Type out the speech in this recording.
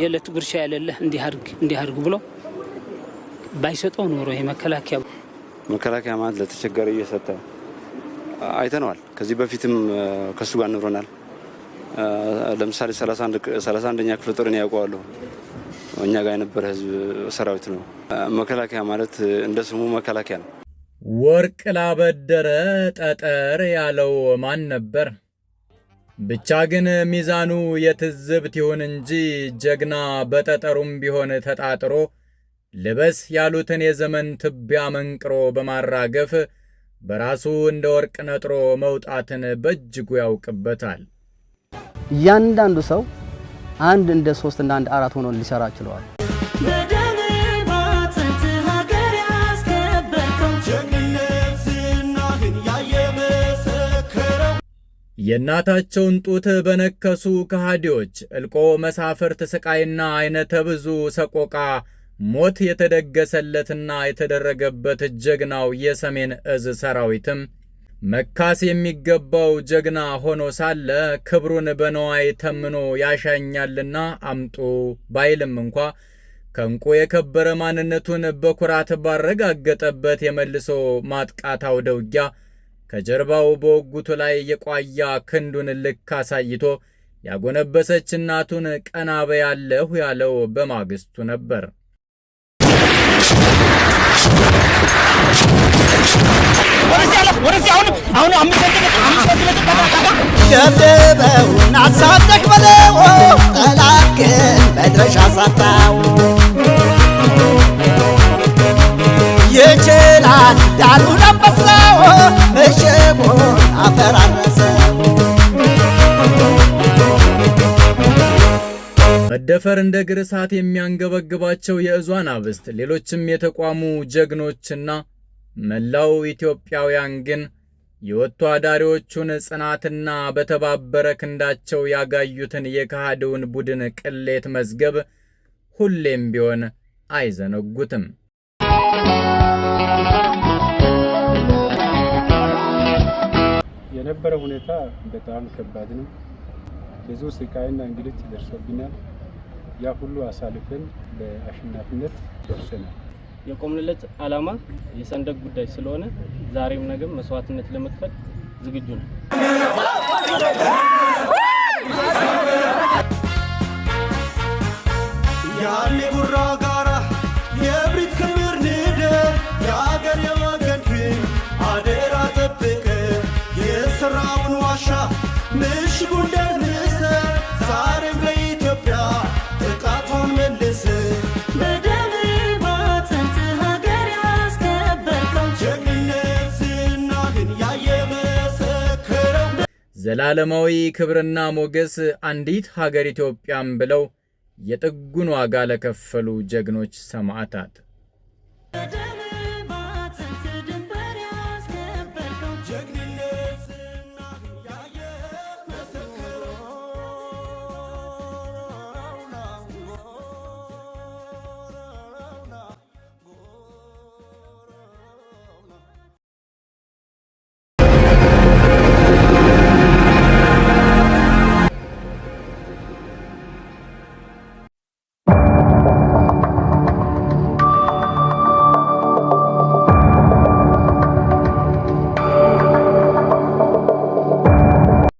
የለት ጉርሻ ያለለህ እንዲያርግ ብሎ ባይሰጠው ኖሮ ይሄ መከላከያ መከላከያ ማለት ለተቸገረ እየሰጠ አይተነዋል። ከዚህ በፊትም ከሱ ጋር ንብረናል። ለምሳሌ ሰላሳ አንደኛ ክፍለ ጦርን ያውቀዋለሁ። እኛ ጋር የነበረ ህዝብ ሰራዊት ነው። መከላከያ ማለት እንደ ስሙ መከላከያ ነው። ወርቅ ላበደረ ጠጠር ያለው ማን ነበር? ብቻ ግን ሚዛኑ የትዝብት ይሁን እንጂ ጀግና በጠጠሩም ቢሆን ተጣጥሮ ልበስ ያሉትን የዘመን ትቢያ መንቅሮ በማራገፍ በራሱ እንደ ወርቅ ነጥሮ መውጣትን በእጅጉ ያውቅበታል። እያንዳንዱ ሰው አንድ እንደ ሶስት እንደ አንድ አራት ሆኖ ሊሰራ ችለዋል። የእናታቸውን ጡት በነከሱ ከሃዲዎች እልቆ መሳፍርት ሥቃይና ዐይነተ ብዙ ሰቆቃ ሞት የተደገሰለትና የተደረገበት ጀግናው የሰሜን እዝ ሰራዊትም መካስ የሚገባው ጀግና ሆኖ ሳለ ክብሩን በነዋይ ተምኖ ያሻኛልና አምጡ ባይልም እንኳ ከእንቁ የከበረ ማንነቱን በኩራት ባረጋገጠበት የመልሶ ማጥቃት አውደ ውጊያ ከጀርባው በወጉቱ ላይ የቋያ ክንዱን ልክ አሳይቶ ያጎነበሰች እናቱን ቀና በያለሁ ያለው በማግስቱ ነበር። ደብደበውን በለው ጠላት ግን መድረሻ ሳጣው ይችላል አፈራረሰ። መደፈር እንደ እግር እሳት የሚያንገበግባቸው የእዟን አብስት ሌሎችም የተቋሙ ጀግኖችና መላው ኢትዮጵያውያን ግን የወጥቶ አዳሪዎቹን ጽናትና በተባበረ ክንዳቸው ያጋዩትን የካሃዲውን ቡድን ቅሌት መዝገብ ሁሌም ቢሆን አይዘነጉትም። የነበረው ሁኔታ በጣም ከባድ ነው። ብዙ ስቃይና እንግልት ደርሶብናል። ያ ሁሉ አሳልፈን በአሸናፊነት ደርሰናል። የቆምንለት ዓላማ የሰንደቅ ጉዳይ ስለሆነ ዛሬም ነገም መስዋዕትነት ለመክፈል ዝግጁ ነው። ዘላለማዊ ክብርና ሞገስ አንዲት ሀገር ኢትዮጵያም ብለው የጥጉን ዋጋ ለከፈሉ ጀግኖች ሰማዕታት